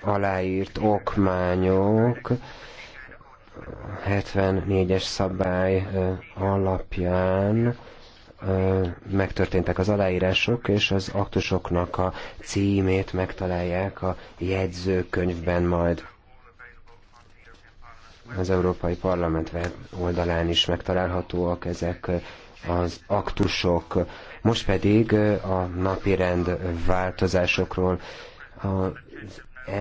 aláírt okmányok 74-es szabály alapján megtörténtek az aláírások, és az aktusoknak a címét megtalálják a jegyzőkönyvben majd. Az Európai Parlament oldalán is megtalálhatóak ezek az aktusok. Most pedig a napirend változásokról az